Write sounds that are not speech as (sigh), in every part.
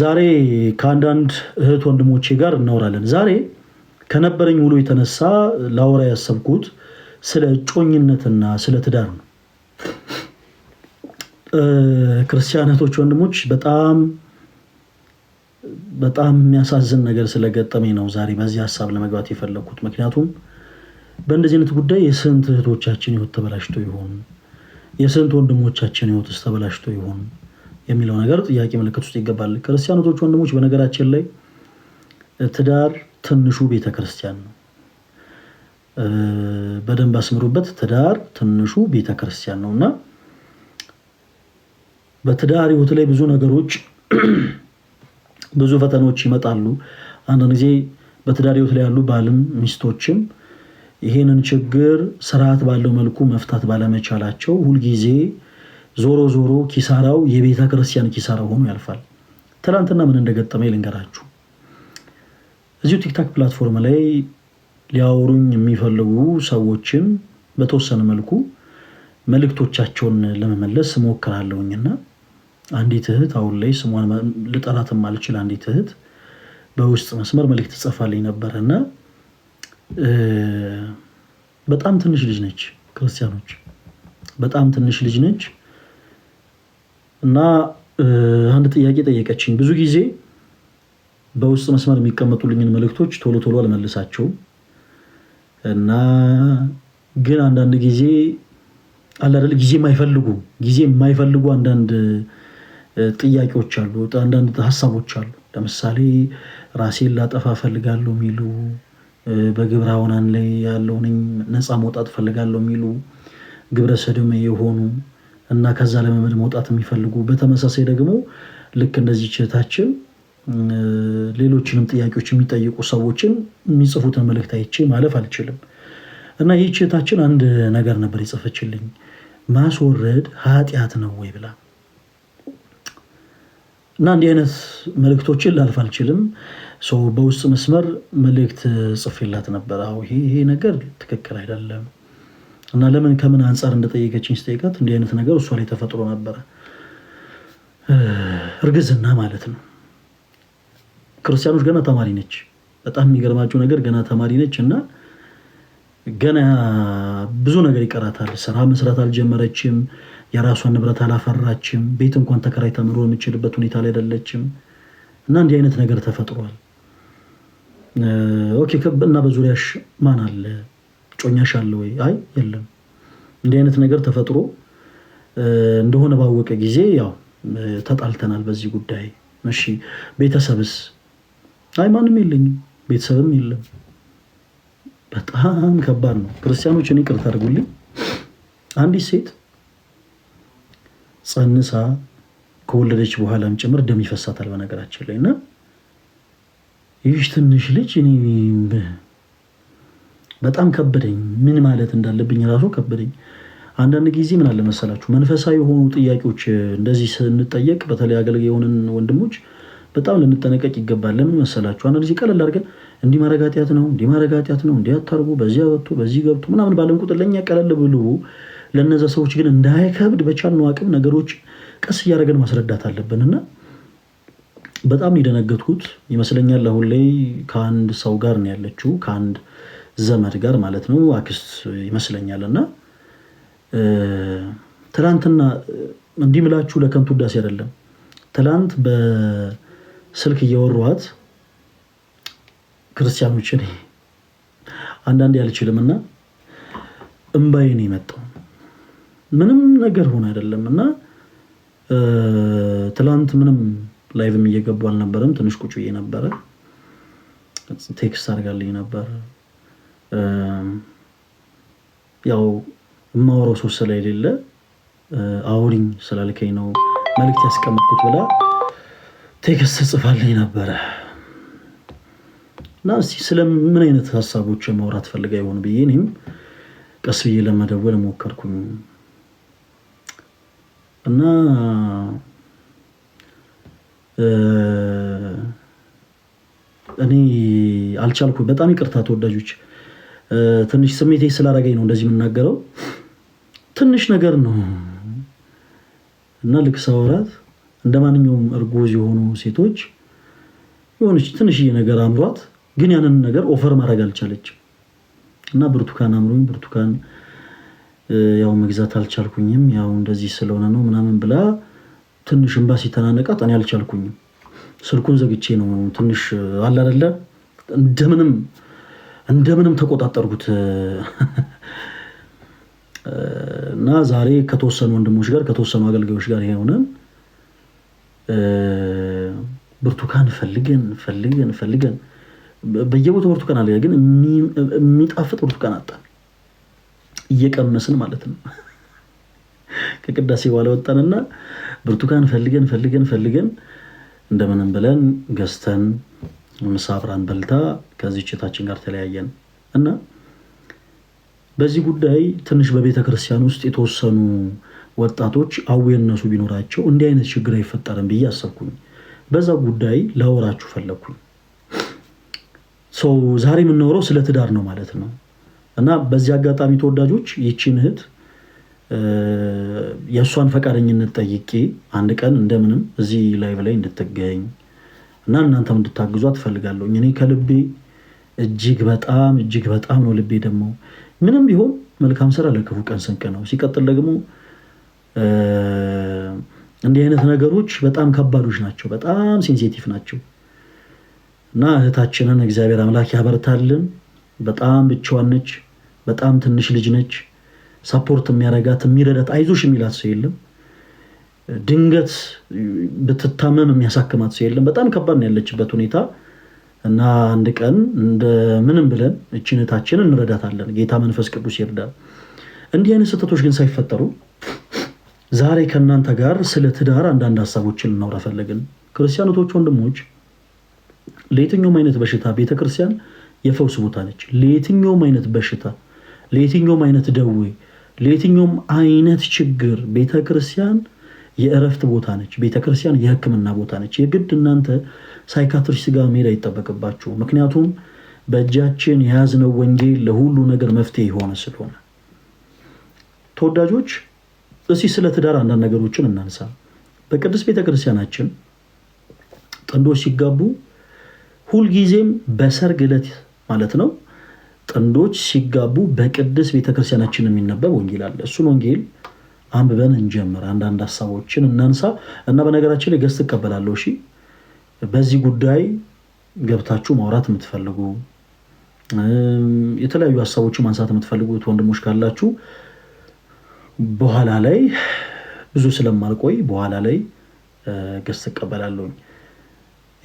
ዛሬ ከአንዳንድ እህት ወንድሞቼ ጋር እናወራለን። ዛሬ ከነበረኝ ውሎ የተነሳ ላወራ ያሰብኩት ስለ እጮኝነትና ስለ ትዳር ነው። ክርስቲያን እህቶች፣ ወንድሞች በጣም በጣም የሚያሳዝን ነገር ስለገጠመኝ ነው ዛሬ በዚህ ሀሳብ ለመግባት የፈለግኩት። ምክንያቱም በእንደዚህ አይነት ጉዳይ የስንት እህቶቻችን ህይወት ተበላሽቶ ይሆን? የስንት ወንድሞቻችን ህይወትስ ተበላሽቶ ይሆን? የሚለው ነገር ጥያቄ ምልክት ውስጥ ይገባል። ክርስቲያኖቶች ወንድሞች፣ በነገራችን ላይ ትዳር ትንሹ ቤተ ክርስቲያን ነው። በደንብ አስምሩበት። ትዳር ትንሹ ቤተ ክርስቲያን ነው እና በትዳር ህይወት ላይ ብዙ ነገሮች (clears throat) ብዙ ፈተናዎች ይመጣሉ። አንዳንድ ጊዜ በትዳር ህይወት ላይ ያሉ ባልም ሚስቶችም ይሄንን ችግር ስርዓት ባለው መልኩ መፍታት ባለመቻላቸው ሁልጊዜ ዞሮ ዞሮ ኪሳራው የቤተ ክርስቲያን ኪሳራ ሆኖ ያልፋል። ትናንትና ምን እንደገጠመ ልንገራችሁ። እዚሁ ቲክታክ ፕላትፎርም ላይ ሊያወሩኝ የሚፈልጉ ሰዎችን በተወሰነ መልኩ መልእክቶቻቸውን ለመመለስ እሞክራለሁኝና አንዲት እህት አሁን ላይ ስሟን ልጠራትም አልችል፣ አንዲት እህት በውስጥ መስመር መልእክት ትጽፋልኝ ነበረና በጣም ትንሽ ልጅ ነች ክርስቲያኖች፣ በጣም ትንሽ ልጅ ነች። እና አንድ ጥያቄ ጠየቀችኝ። ብዙ ጊዜ በውስጥ መስመር የሚቀመጡልኝን መልእክቶች ቶሎ ቶሎ አልመልሳቸውም እና ግን አንዳንድ ጊዜ አላደል ጊዜ የማይፈልጉ ጊዜ የማይፈልጉ አንዳንድ ጥያቄዎች አሉ፣ አንዳንድ ሀሳቦች አሉ። ለምሳሌ ራሴን ላጠፋ ፈልጋለሁ የሚሉ በግብረ አውራን ላይ ያለውን ነፃ መውጣት ፈልጋለሁ የሚሉ ግብረ ሰዶም የሆኑ እና ከዛ ልምምድ መውጣት የሚፈልጉ በተመሳሳይ ደግሞ ልክ እንደዚህ ችታችን ሌሎችንም ጥያቄዎች የሚጠይቁ ሰዎችን የሚጽፉትን መልእክት አይቼ ማለፍ አልችልም እና ይህ ችታችን አንድ ነገር ነበር የጽፈችልኝ ማስወረድ ኃጢአት ነው ወይ ብላ እና እንዲህ አይነት መልእክቶችን ላልፍ አልችልም። ሰው በውስጥ መስመር መልእክት ጽፌላት ነበር። አዎ ይሄ ነገር ትክክል አይደለም እና ለምን ከምን አንጻር እንደጠየቀችኝ ስጠይቃት እንዲህ አይነት ነገር እሷ ላይ ተፈጥሮ ነበረ። እርግዝና ማለት ነው። ክርስቲያኖች ገና ተማሪ ነች። በጣም የሚገርማቸው ነገር ገና ተማሪ ነች እና ገና ብዙ ነገር ይቀራታል። ስራ መስራት አልጀመረችም። የራሷን ንብረት አላፈራችም። ቤት እንኳን ተከራይ ተምሮ የምችልበት ሁኔታ ላይ አይደለችም እና እንዲህ አይነት ነገር ተፈጥሯል። ኦኬ እና በዙሪያሽ ማን አለ? እጮኛሽ አለ ወይ? አይ የለም። እንዲህ አይነት ነገር ተፈጥሮ እንደሆነ ባወቀ ጊዜ ያው ተጣልተናል በዚህ ጉዳይ። እሺ ቤተሰብስ? አይ ማንም የለኝም ቤተሰብም የለም። በጣም ከባድ ነው። ክርስቲያኖች እኔ ቅርት አድርጉልኝ። አንዲት ሴት ጸንሳ ከወለደች በኋላም ጭምር ደም ይፈሳታል በነገራችን ላይ እና ይህች ትንሽ ልጅ እኔ በጣም ከበደኝ። ምን ማለት እንዳለብኝ ራሱ ከበደኝ። አንዳንድ ጊዜ ምን አለመሰላችሁ መንፈሳዊ የሆኑ ጥያቄዎች እንደዚህ ስንጠየቅ በተለይ አገልግ የሆንን ወንድሞች በጣም ልንጠነቀቅ ይገባል። ለምን መሰላችሁ አንዳንድ ጊዜ ቀለል አድርገን እንዲህ ማድረግ ኃጢአት ነው፣ እንዲህ ማድረግ ኃጢአት ነው፣ እንዲህ አታርጉ፣ በዚህ ወጥቶ በዚህ ገብቶ ምናምን ባለን ቁጥር ለእኛ ቀለል ብሎ ለእነዛ ሰዎች ግን እንዳይከብድ በቻልነው አቅም ነገሮች ቀስ እያደረገን ማስረዳት አለብን እና በጣም የደነገጥኩት ይመስለኛል። አሁን ላይ ከአንድ ሰው ጋር ነው ያለችው ከአንድ ዘመድ ጋር ማለት ነው አክስት ይመስለኛል። እና ትላንትና እንዲህ ምላችሁ ለከንቱ ውዳሴ አይደለም። ትላንት በስልክ እየወሯት ክርስቲያኖች እኔ አንዳንዴ አልችልም እና እምባዬ የመጣው። ምንም ነገር ሆነ አይደለም እና ትላንት ምንም ላይቭም እየገቡ አልነበረም። ትንሽ ቁጭዬ ነበረ። ቴክስት አድርጋልኝ ነበር ያው የማወራው ሰው ስለሌለ አውሪኝ ስላልከኝ ነው መልዕክት ያስቀመጥኩት ብላ ቴክስት ጽፋልኝ ነበረ እና ስለ ምን አይነት ሀሳቦች የማውራት ፈልጋ ይሆን ብዬ እኔም ቀስ ብዬ ለመደወል ሞከርኩኝ እና እኔ አልቻልኩ። በጣም ይቅርታ ተወዳጆች። ትንሽ ስሜቴ ስላደረገኝ ነው እንደዚህ የምናገረው። ትንሽ ነገር ነው እና ልክ ሳወራት እንደ ማንኛውም እርጉዝ የሆኑ ሴቶች የሆነች ትንሽዬ ነገር አምሯት፣ ግን ያንን ነገር ኦፈር ማድረግ አልቻለችም እና ብርቱካን አምሮኝ ብርቱካን ያው መግዛት አልቻልኩኝም፣ ያው እንደዚህ ስለሆነ ነው ምናምን ብላ ትንሽ እንባ ሲተናነቃት እኔ አልቻልኩኝም። ስልኩን ዘግቼ ነው ትንሽ አለ አይደለ እንደምንም እንደምንም ተቆጣጠርኩት እና ዛሬ ከተወሰኑ ወንድሞች ጋር ከተወሰኑ አገልጋዮች ጋር የሆነን ብርቱካን ፈልገን ፈልገን ፈልገን በየቦታው ብርቱካን አለ፣ ግን የሚጣፍጥ ብርቱካን አጣን። እየቀመስን ማለት ነው። ከቅዳሴ በኋላ ወጣንና ብርቱካን ፈልገን ፈልገን ፈልገን እንደምንም ብለን ገዝተን ምሳ አብራን በልታ ከዚህ ጭታችን ጋር ተለያየን እና በዚህ ጉዳይ ትንሽ በቤተ ክርስቲያን ውስጥ የተወሰኑ ወጣቶች አዌርነሱ ቢኖራቸው እንዲህ አይነት ችግር አይፈጠርም ብዬ አሰብኩኝ። በዛ ጉዳይ ላወራችሁ ፈለግኩኝ። ሰው ዛሬ የምናወራው ስለ ትዳር ነው ማለት ነው እና በዚህ አጋጣሚ ተወዳጆች ይቺን እህት የእሷን ፈቃደኝነት ጠይቄ አንድ ቀን እንደምንም እዚህ ላይ በላይ እንድትገኝ እና እናንተም እንድታግዙ ትፈልጋለሁ። እኔ ከልቤ እጅግ በጣም እጅግ በጣም ነው ልቤ ደግሞ ምንም ቢሆን መልካም ስራ ለክፉ ቀን ስንቅ ነው። ሲቀጥል ደግሞ እንዲህ አይነት ነገሮች በጣም ከባዶች ናቸው፣ በጣም ሴንሲቲቭ ናቸው እና እህታችንን እግዚአብሔር አምላክ ያበርታልን። በጣም ብቻዋን ነች፣ በጣም ትንሽ ልጅ ነች። ሰፖርት የሚያረጋት የሚረዳት አይዞሽ የሚላት ሰው የለም። ድንገት ብትታመም የሚያሳክማት ሰው የለም። በጣም ከባድ ነው ያለችበት ሁኔታ እና አንድ ቀን እንደምንም ብለን እችነታችን እንረዳታለን። ጌታ መንፈስ ቅዱስ ይርዳል። እንዲህ አይነት ስህተቶች ግን ሳይፈጠሩ ዛሬ ከእናንተ ጋር ስለ ትዳር አንዳንድ ሀሳቦችን እናውራ ፈለግን። ክርስቲያኖቶች፣ ወንድሞች ለየትኛውም አይነት በሽታ ቤተክርስቲያን የፈውስ ቦታ ነች። ለየትኛውም አይነት በሽታ፣ ለየትኛውም አይነት ደዌ፣ ለየትኛውም አይነት ችግር ቤተክርስቲያን የእረፍት ቦታ ነች። ቤተክርስቲያን የህክምና ቦታ ነች። የግድ እናንተ ሳይካትሪስት ጋር መሄድ አይጠበቅባችሁ። ምክንያቱም በእጃችን የያዝነው ወንጌል ለሁሉ ነገር መፍትሄ የሆነ ስለሆነ ተወዳጆች፣ እስኪ ስለ ትዳር አንዳንድ ነገሮችን እናንሳ። በቅድስት ቤተክርስቲያናችን ጥንዶች ሲጋቡ ሁልጊዜም በሰርግ ዕለት ማለት ነው ጥንዶች ሲጋቡ በቅድስት ቤተክርስቲያናችን የሚነበብ ወንጌል አለ። እሱን ወንጌል አንብበን እንጀምር። አንዳንድ ሀሳቦችን እናንሳ እና በነገራችን ላይ ገስ ትቀበላለሁ። እሺ፣ በዚህ ጉዳይ ገብታችሁ ማውራት የምትፈልጉ የተለያዩ ሀሳቦችን ማንሳት የምትፈልጉት ወንድሞች ካላችሁ በኋላ ላይ ብዙ ስለማልቆይ በኋላ ላይ ገስ ትቀበላለሁኝ።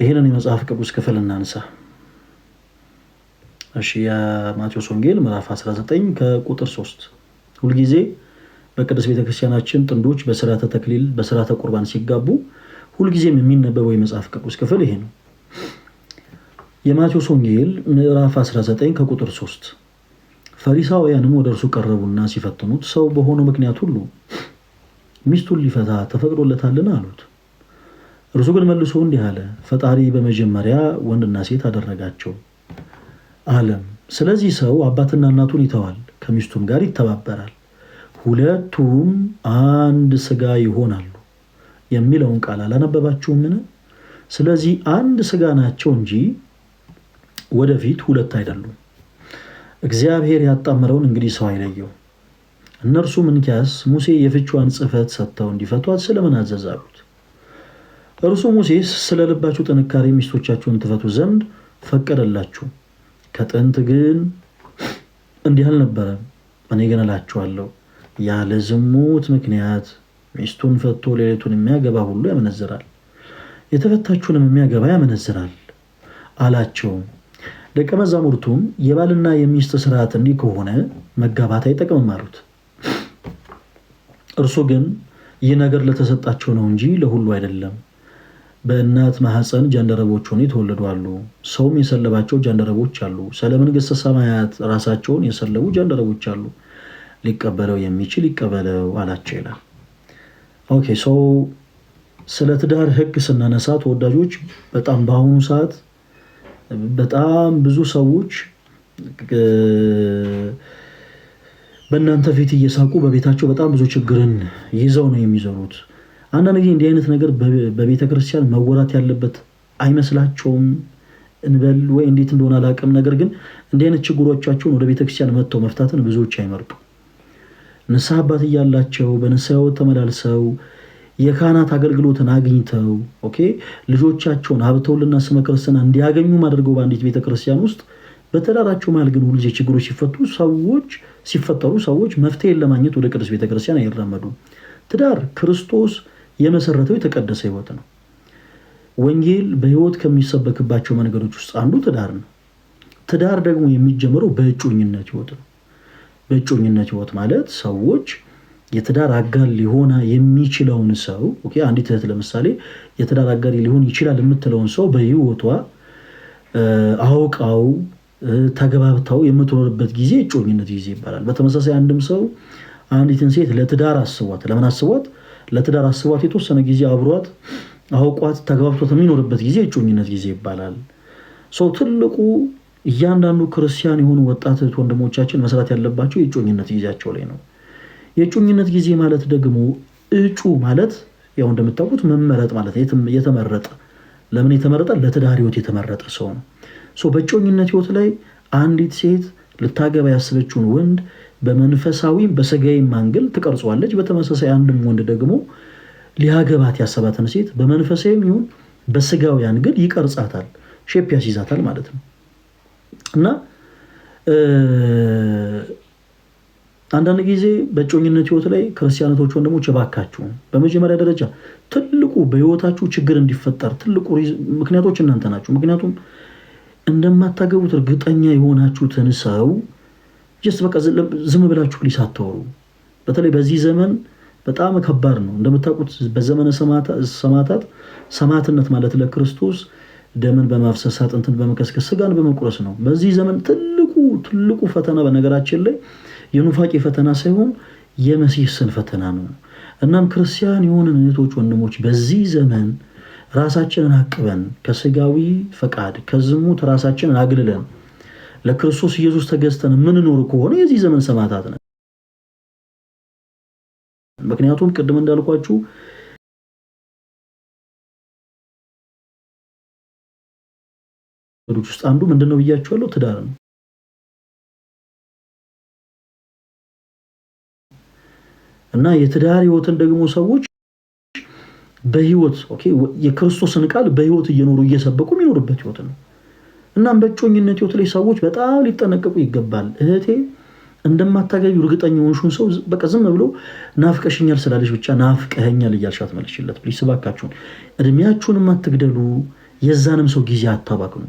ይህንን የመጽሐፍ ቅዱስ ክፍል እናንሳ። እሺ፣ የማቴዎስ ወንጌል ምዕራፍ 19 ከቁጥር 3 ሁልጊዜ በቅዱስ ቤተክርስቲያናችን ጥንዶች በስርዓተ ተክሊል በስርዓተ ቁርባን ሲጋቡ ሁልጊዜም የሚነበበው የመጽሐፍ ቅዱስ ክፍል ይሄ ነው። የማቴዎስ ወንጌል ምዕራፍ 19 ከቁጥር 3 ፈሪሳውያንም ወደ እርሱ ቀረቡና ሲፈትኑት ሰው በሆነ ምክንያት ሁሉ ሚስቱን ሊፈታ ተፈቅዶለታልን አሉት። እርሱ ግን መልሶ እንዲህ አለ፣ ፈጣሪ በመጀመሪያ ወንድና ሴት አደረጋቸው አለም። ስለዚህ ሰው አባትና እናቱን ይተዋል፣ ከሚስቱም ጋር ይተባበራል ሁለቱም አንድ ስጋ ይሆናሉ የሚለውን ቃል አላነበባችሁምን? ስለዚህ አንድ ስጋ ናቸው እንጂ ወደፊት ሁለት አይደሉም። እግዚአብሔር ያጣምረውን እንግዲህ ሰው አይለየው። እነርሱ ምንኪያስ ሙሴ የፍቿን ጽሕፈት ሰጥተው እንዲፈቷት ስለምን አዘዛሉት? አሉት። እርሱ ሙሴ ስለ ልባችሁ ጥንካሬ ሚስቶቻችሁን ትፈቱ ዘንድ ፈቀደላችሁ። ከጥንት ግን እንዲህ አልነበረም። እኔ ግን እላችኋለሁ ያለ ዝሙት ምክንያት ሚስቱን ፈቶ ሌሊቱን የሚያገባ ሁሉ ያመነዝራል፣ የተፈታችውንም የሚያገባ ያመነዝራል አላቸው። ደቀ መዛሙርቱም የባልና የሚስት ስርዓት እንዲህ ከሆነ መጋባት አይጠቅምም አሉት። እርሱ ግን ይህ ነገር ለተሰጣቸው ነው እንጂ ለሁሉ አይደለም። በእናት ማህፀን ጃንደረቦች ሆነው የተወለዱ አሉ። ሰውም የሰለባቸው ጃንደረቦች አሉ። ስለ መንግሥተ ሰማያት ራሳቸውን የሰለቡ ጃንደረቦች አሉ። ሊቀበለው የሚችል ይቀበለው አላቸው ይላል። ኦኬ ሰው ስለ ትዳር ህግ ስናነሳ ተወዳጆች፣ በጣም በአሁኑ ሰዓት በጣም ብዙ ሰዎች በእናንተ ፊት እየሳቁ በቤታቸው በጣም ብዙ ችግርን ይዘው ነው የሚዘሩት። አንዳንድ ጊዜ እንዲህ አይነት ነገር በቤተ ክርስቲያን መወራት ያለበት አይመስላቸውም እንበል ወይ እንዴት እንደሆነ አላውቅም። ነገር ግን እንዲህ አይነት ችግሮቻቸውን ወደ ቤተ ክርስቲያን መጥተው መፍታትን ብዙዎች አይመርጡም። ንስሐ አባት እያላቸው በንስሐ ተመላልሰው የካህናት አገልግሎትን አግኝተው ኦኬ ልጆቻቸውን ሀብተውልና ስመ ክርስትና እንዲያገኙ አድርገው በአንዲት ቤተክርስቲያን ውስጥ በተዳራቸው መሀል ግን ሁልጊዜ ችግሮች ሲፈቱ ሰዎች ሲፈጠሩ ሰዎች መፍትሄን ለማግኘት ወደ ቅዱስ ቤተክርስቲያን አይራመዱ። ትዳር ክርስቶስ የመሰረተው የተቀደሰ ህይወት ነው። ወንጌል በህይወት ከሚሰበክባቸው መንገዶች ውስጥ አንዱ ትዳር ነው። ትዳር ደግሞ የሚጀምረው በእጮኝነት ህይወት ነው። በእጮኝነት ህይወት ማለት ሰዎች የትዳር አጋር ሊሆን የሚችለውን ሰው አንዲት እህት ለምሳሌ የትዳር አጋር ሊሆን ይችላል የምትለውን ሰው በህይወቷ አውቃው ተገባብተው የምትኖርበት ጊዜ እጮኝነት ጊዜ ይባላል። በተመሳሳይ አንድም ሰው አንዲትን ሴት ለትዳር አስቧት፣ ለምን አስቧት? ለትዳር አስቧት የተወሰነ ጊዜ አብሯት አውቋት ተግባብቷት የሚኖርበት ጊዜ እጮኝነት ጊዜ ይባላል። ሰው ትልቁ እያንዳንዱ ክርስቲያን የሆኑ ወጣት እህት ወንድሞቻችን መስራት ያለባቸው የእጮኝነት ጊዜያቸው ላይ ነው። የእጮኝነት ጊዜ ማለት ደግሞ እጩ ማለት ያው እንደምታውቁት መመረጥ ማለት የተመረጠ ለምን የተመረጠ ለትዳር ህይወት የተመረጠ ሰው ነው። በእጮኝነት ህይወት ላይ አንዲት ሴት ልታገባ ያስበችውን ወንድ በመንፈሳዊም በስጋዊም አንግል ትቀርጿለች። በተመሳሳይ አንድም ወንድ ደግሞ ሊያገባት ያሰባትን ሴት በመንፈሳዊም ይሁን በስጋዊ አንግል ይቀርጻታል፣ ሼፕ ያስይዛታል ማለት ነው። እና አንዳንድ ጊዜ በእጮኝነት ህይወት ላይ ክርስቲያነቶች ወንድሞች የባካችሁ በመጀመሪያ ደረጃ ትልቁ በህይወታችሁ ችግር እንዲፈጠር ትልቁ ምክንያቶች እናንተ ናችሁ። ምክንያቱም እንደማታገቡት እርግጠኛ የሆናችሁትን ሰው ጀስት በቃ ዝም ብላችሁ ሊስ አታወሩ። በተለይ በዚህ ዘመን በጣም ከባድ ነው። እንደምታውቁት በዘመነ ሰማታት ሰማዕትነት ማለት ለክርስቶስ ደምን በማፍሰስ አጥንትን በመከስከስ ስጋን በመቁረስ ነው። በዚህ ዘመን ትልቁ ትልቁ ፈተና በነገራችን ላይ የኑፋቄ ፈተና ሳይሆን የመሲህ ስን ፈተና ነው። እናም ክርስቲያን የሆንን እህቶች ወንድሞች በዚህ ዘመን ራሳችንን አቅበን ከስጋዊ ፈቃድ ከዝሙት ራሳችንን አግልለን ለክርስቶስ ኢየሱስ ተገዝተን የምንኖር ከሆነ የዚህ ዘመን ሰማዕታት ነን። ምክንያቱም ቅድም እንዳልኳችሁ መንገዶች ውስጥ አንዱ ምንድን ነው ብያችኋለሁ፣ ትዳር ነው። እና የትዳር ህይወትን ደግሞ ሰዎች በህይወት የክርስቶስን ቃል በህይወት እየኖሩ እየሰበኩ የሚኖሩበት ህይወት ነው። እናም በእጮኝነት ህይወት ላይ ሰዎች በጣም ሊጠነቀቁ ይገባል። እህቴ እንደማታገቢ እርግጠኛ ሆንሹን ሰው በቃ ዝም ብሎ ናፍቀሽኛል ስላለሽ ብቻ ናፍቀኸኛል እያልሻት መልሽለት። ፕሊስ እባካችሁን እድሜያችሁንም አትግደሉ፣ የዛንም ሰው ጊዜ አታባክኑ።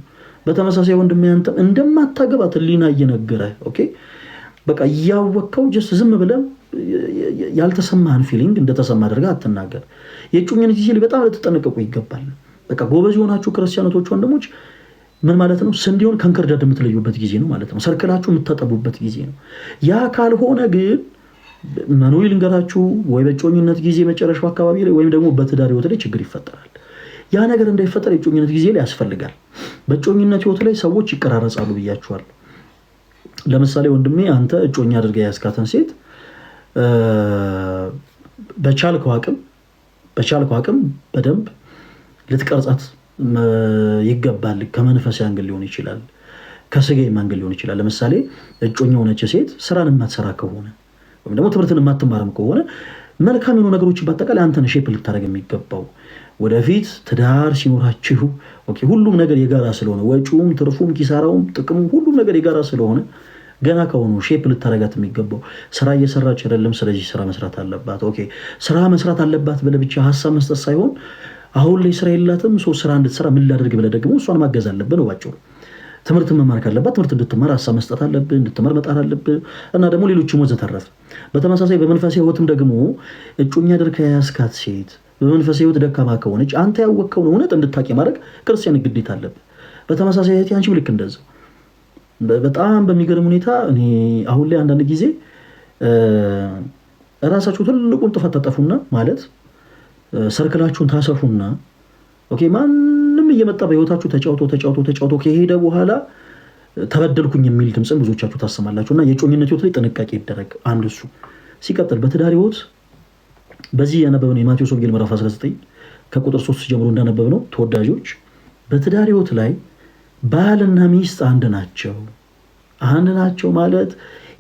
በተመሳሳይ ወንድሜ ያንተ እንደማታገባት ሊና እየነገረ በቃ እያወቅከው ጀስ ዝም ብለ ያልተሰማህን ፊሊንግ እንደተሰማ አድርገህ አትናገር። የእጩኝነት ጊዜ በጣም ልትጠነቀቁ ይገባል። በቃ ጎበዝ የሆናችሁ ክርስቲያኖቶች ወንድሞች ምን ማለት ነው? ስንዴውን ከእንክርዳድ የምትለዩበት ጊዜ ነው ማለት ነው። ሰርክላችሁ የምታጠቡበት ጊዜ ነው። ያ ካልሆነ ግን መኖ ልንገራችሁ፣ ወይ በእጮኝነት ጊዜ መጨረሻው አካባቢ ላይ ወይም ደግሞ በትዳር ህይወት ላይ ችግር ይፈጠራል። ያ ነገር እንዳይፈጠር የጮኝነት ጊዜ ላይ ያስፈልጋል። በጮኝነት ህይወት ላይ ሰዎች ይቀራረጻሉ ብያቸዋል። ለምሳሌ ወንድሜ አንተ እጮኛ አድርጋ ያስካተን ሴት በቻልከው አቅም በቻልከው አቅም በደንብ ልትቀርጻት ይገባል። ከመንፈስ አንግል ሊሆን ይችላል፣ ከስጋ አንግል ሊሆን ይችላል። ለምሳሌ እጮኛ የሆነች ሴት ስራን የማትሰራ ከሆነ ወይም ደግሞ ትምህርትን የማትማርም ከሆነ መልካም የሆኑ ነገሮችን በአጠቃላይ አንተን ሼፕ ልታደርግ የሚገባው ወደፊት ትዳር ሲኖራችሁ ሁሉም ነገር የጋራ ስለሆነ ወጪውም፣ ትርፉም፣ ኪሳራውም፣ ጥቅሙም ሁሉም ነገር የጋራ ስለሆነ ገና ከሆኑ ሼፕ ልታረጋት የሚገባው ስራ እየሰራች አይደለም። ስለዚህ ስራ መስራት አለባት። ኦኬ ስራ መስራት አለባት ብለህ ብቻ ሀሳብ መስጠት ሳይሆን አሁን ላይ ስራ የላትም ሶ ስራ እንድትሰራ ምን ላደርግ ብለህ ደግሞ እሷን ማገዝ አለብህ ነው ባጭሩ። ትምህርት መማር ካለባት ትምህርት እንድትማር ሀሳብ መስጠት አለብህ፣ እንድትማር መጣር አለብህ እና ደግሞ ሌሎችም ወዘተረፈ። በተመሳሳይ በመንፈሳዊ ህይወትም ደግሞ እጮኛ አድርገህ ከያዝካት ሴት በመንፈሳዊ ህይወት ደካማ ከሆነች አንተ ያወቅከውን እውነት እንድታቂ ማድረግ ክርስቲያን ግዴታ አለብህ። በተመሳሳይ እህቴ አንቺም ልክ እንደዚያው በጣም በሚገርም ሁኔታ እኔ አሁን ላይ አንዳንድ ጊዜ እራሳችሁ ትልቁን ጥፋት ተጠፉና ማለት ሰርክላችሁን ታሰፉና ኦኬ ማንም እየመጣ በህይወታችሁ ተጫውቶ ተጫውቶ ተጫውቶ ከሄደ በኋላ ተበደልኩኝ የሚል ድምፅን ብዙዎቻችሁ ታሰማላችሁ እና የጮኝነት ህይወት ላይ ጥንቃቄ ይደረግ። አንድ እሱ ሲቀጥል በትዳር ህይወት በዚህ ያነበብነው የማቴዎስ ወንጌል ምዕራፍ 19 ከቁጥር 3 ጀምሮ እንዳነበብነው ተወዳጆች በትዳር ህይወት ላይ ባልና ሚስት አንድ ናቸው። አንድ ናቸው ማለት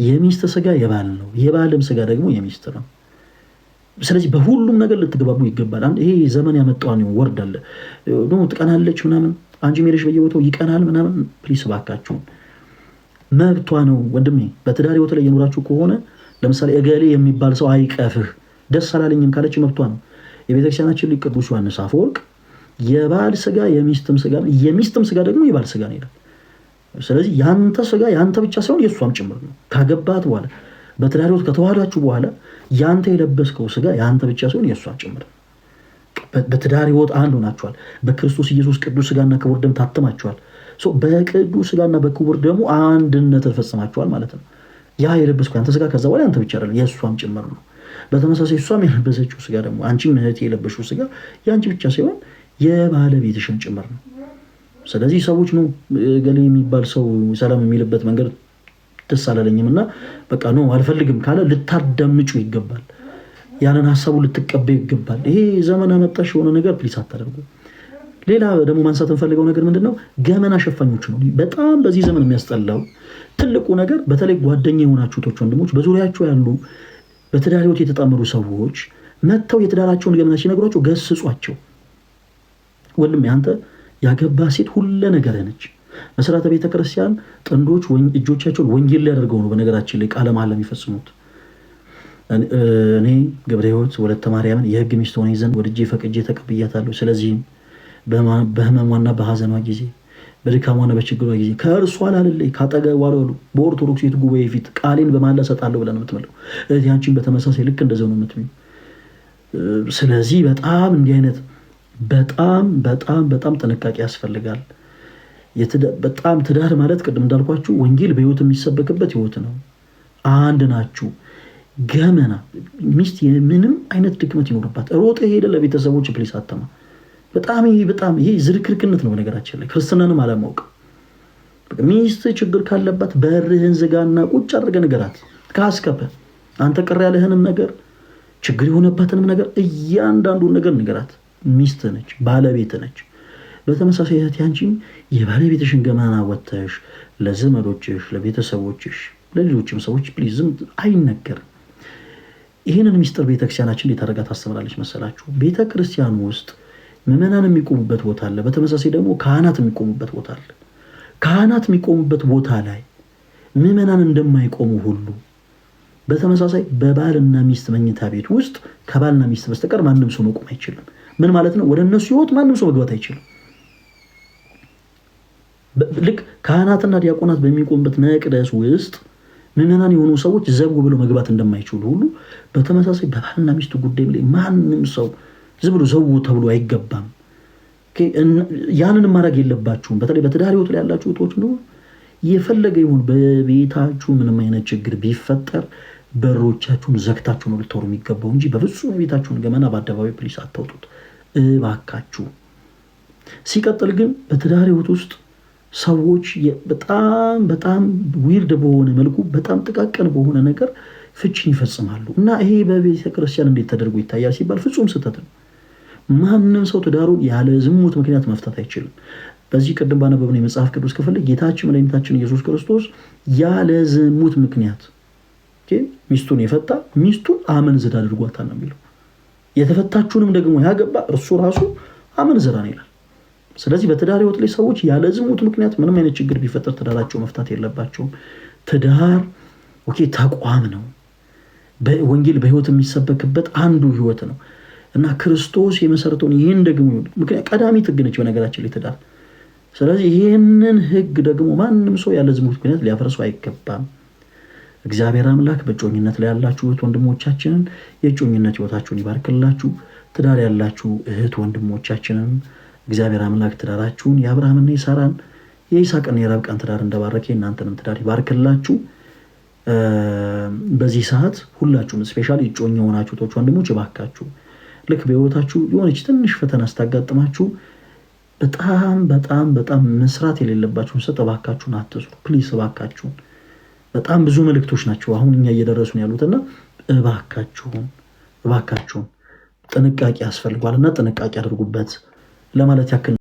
የሚስት ስጋ የባል ነው፣ የባልም ስጋ ደግሞ የሚስት ነው። ስለዚህ በሁሉም ነገር ልትግባቡ ይገባል። ይሄ ዘመን ያመጣውን ወርድ አለ ትቀናለች ምናምን አንጂ ሜሬሽ በየቦታው ይቀናል ምናምን፣ ፕሊስ እባካችሁን መብቷ ነው ወንድሜ። በትዳር ህይወት ላይ የኖራችሁ ከሆነ ለምሳሌ እገሌ የሚባል ሰው አይቀፍህ ደስ አላለኝም ካለች መብቷ ነው። የቤተክርስቲያናችን ሊቅ ቅዱስ ዮሐንስ አፈወርቅ የባል ስጋ የሚስትም ስጋ የሚስትም ስጋ ደግሞ የባል ስጋ ነው ይላል። ስለዚህ ያንተ ስጋ ያንተ ብቻ ሳይሆን የእሷም ጭምር ነው። ካገባት በኋላ በትዳር ሕይወት ከተዋህዳችሁ በኋላ ያንተ የለበስከው ስጋ ያንተ ብቻ ሳይሆን የእሷም ጭምር ነው። በትዳር ህይወት አንድ ሆናችኋል። በክርስቶስ ኢየሱስ ቅዱስ ስጋና ክቡር ደም ታትማችኋል። በቅዱስ ስጋና በክቡር ደሙ አንድነት ፈጽማችኋል ማለት ነው። ያ የለበስከው ያንተ ስጋ ከዛ በኋላ ያንተ ብቻ አይደለም የእሷም ጭምር ነው። በተመሳሳይ እሷም የለበሰችው ስጋ ደግሞ አንቺ እህቴ የለበሽው ስጋ የአንቺ ብቻ ሳይሆን የባለቤትሽም ጭምር ነው። ስለዚህ ሰዎች ነው ገሌ የሚባል ሰው ሰላም የሚልበት መንገድ ደስ አላለኝም እና በቃ ነው አልፈልግም ካለ ልታዳምጩ ይገባል። ያንን ሀሳቡ ልትቀበይ ይገባል። ይሄ ዘመን አመጣሽ የሆነ ነገር ፕሊስ አታደርጉ። ሌላ ደግሞ ማንሳት እንፈልገው ነገር ምንድን ነው? ገመና ሸፋኞች ነው በጣም በዚህ ዘመን የሚያስጠላው ትልቁ ነገር። በተለይ ጓደኛ የሆናችሁ ቶች ወንድሞች፣ በዙሪያቸው ያሉ በትዳር ህይወት የተጣመሩ ሰዎች መጥተው የትዳራቸውን ገመና ሲነግሯቸው ገስጿቸው። ወንድም ያንተ ያገባ ሴት ሁለ ነገር ነች። መሰረተ ቤተ ክርስቲያን ጥንዶች እጆቻቸውን ወንጌል ሊያደርገው ነው። በነገራችን ላይ ቃለ መሃላ የሚፈጽሙት እኔ ገብረ ህይወት ወለተ ማርያምን የህግ ሚስት ሆኜ ዘንድ ወድጄ ፈቅጄ ተቀብያታለሁ። ስለዚህም በህመሟና በሀዘኗ ጊዜ በድካም ሆነ በችግሯ ጊዜ ከእርሱ ላለለይ ካጠገቧ ላሉ በኦርቶዶክስ ቤት ጉባኤ ፊት ቃሌን በማላ ሰጣለሁ ብለን የምትመለው እህቴ አንቺን በተመሳሳይ ልክ እንደዚያው ነው የምትይው። ስለዚህ በጣም እንዲህ አይነት በጣም በጣም በጣም ጥንቃቄ ያስፈልጋል። በጣም ትዳር ማለት ቅድም እንዳልኳችሁ ወንጌል በህይወት የሚሰበክበት ህይወት ነው። አንድ ናችሁ። ገመና ሚስት ምንም አይነት ድክመት ይኖርባት ሮጠ ሄደ ለቤተሰቦች ፕሊስ አተማ በጣም ይሄ በጣም ይሄ ዝርክርክነት ነው። ነገራችን ላይ ክርስትናንም አለማወቅ። ሚስት ችግር ካለባት በርህን ዝጋና ቁጭ አድርገ ነገራት ካስከበ አንተ ቅር ያለህንም ነገር ችግር የሆነባትንም ነገር እያንዳንዱን ነገር ንገራት። ሚስት ነች፣ ባለቤት ነች። በተመሳሳይ እህት ያንቺም የባለቤትሽን ገመና ወተሽ ለዘመዶችሽ፣ ለቤተሰቦችሽ፣ ለሌሎችም ሰዎች ፕሊዝም አይነገርም። ይህንን ሚስጥር ቤተክርስቲያናችን እንዴት አድርጋ ታስተምራለች መሰላችሁ? ቤተክርስቲያን ውስጥ ምእመናን የሚቆሙበት ቦታ አለ። በተመሳሳይ ደግሞ ካህናት የሚቆሙበት ቦታ አለ። ካህናት የሚቆሙበት ቦታ ላይ ምእመናን እንደማይቆሙ ሁሉ በተመሳሳይ በባልና ሚስት መኝታ ቤት ውስጥ ከባልና ሚስት በስተቀር ማንም ሰው መቆም አይችልም። ምን ማለት ነው? ወደ እነሱ ህይወት ማንም ሰው መግባት አይችልም። ልክ ካህናትና ዲያቆናት በሚቆሙበት መቅደስ ውስጥ ምእመናን የሆኑ ሰዎች ዘጉ ብለው መግባት እንደማይችሉ ሁሉ በተመሳሳይ በባልና ሚስት ጉዳይ ላይ ማንም ሰው ዝም ብሎ ዘው ተብሎ አይገባም። ያንን ማድረግ የለባችሁም። በተለይ በትዳር ህይወት ላይ ያላችሁ እህቶች ነው የፈለገ ይሁን በቤታችሁ ምንም አይነት ችግር ቢፈጠር በሮቻችሁን ዘግታችሁ ነው ልትወሩ የሚገባው እንጂ በፍጹም የቤታችሁን ገመና በአደባባይ ፕሊስ አታውጡት እባካችሁ። ሲቀጥል ግን በትዳር ህይወት ውስጥ ሰዎች በጣም በጣም ዊርድ በሆነ መልኩ በጣም ጥቃቅን በሆነ ነገር ፍችን ይፈጽማሉ እና ይሄ በቤተክርስቲያን እንዴት ተደርጎ ይታያል ሲባል ፍጹም ስህተት ነው። ማንም ሰው ትዳሩን ያለ ዝሙት ምክንያት መፍታት አይችልም። በዚህ ቅድም ባነበብነው የመጽሐፍ ቅዱስ ክፍል ጌታችን መድኃኒታችን ኢየሱስ ክርስቶስ ያለ ዝሙት ምክንያት ሚስቱን የፈታ ሚስቱን አመንዝራ አድርጓታል ነው የሚለው። የተፈታችሁንም ደግሞ ያገባ እርሱ ራሱ አመንዝራ ነው ይላል። ስለዚህ በትዳር ህይወት ላይ ሰዎች ያለ ዝሙት ምክንያት ምንም አይነት ችግር ቢፈጠር ትዳራቸው መፍታት የለባቸውም። ትዳር ኦኬ ተቋም ነው። ወንጌል በህይወት የሚሰበክበት አንዱ ህይወት ነው። እና ክርስቶስ የመሰረተውን ይህን ደግሞ ምክንያት ቀዳሚ ህግ ነች በነገራችን ላይ ትዳር። ስለዚህ ይህንን ህግ ደግሞ ማንም ሰው ያለ ዝሙት ምክንያት ሊያፈርሰው አይገባም። እግዚአብሔር አምላክ በእጮኝነት ላይ ያላችሁ እህት ወንድሞቻችንን የእጮኝነት ህይወታችሁን ይባርክላችሁ። ትዳር ያላችሁ እህት ወንድሞቻችንን እግዚአብሔር አምላክ ትዳራችሁን የአብርሃምና የሳራን የይስሐቅና የረብቃን ትዳር እንደባረከ የእናንተንም ትዳር ይባርክላችሁ። በዚህ ሰዓት ሁላችሁም ስፔሻል እጮኛ የሆናችሁ ቶች ወንድሞች ይባካችሁ ልክ በህይወታችሁ የሆነች ትንሽ ፈተና ስታጋጥማችሁ በጣም በጣም በጣም መስራት የሌለባችሁን ሰጥ እባካችሁን አትስሩ። ፕሊስ እባካችሁን። በጣም ብዙ መልእክቶች ናቸው አሁን እኛ እየደረሱን ያሉትና እባካችሁን እባካችሁን ጥንቃቄ ያስፈልጓልና ጥንቃቄ አድርጉበት ለማለት ያክል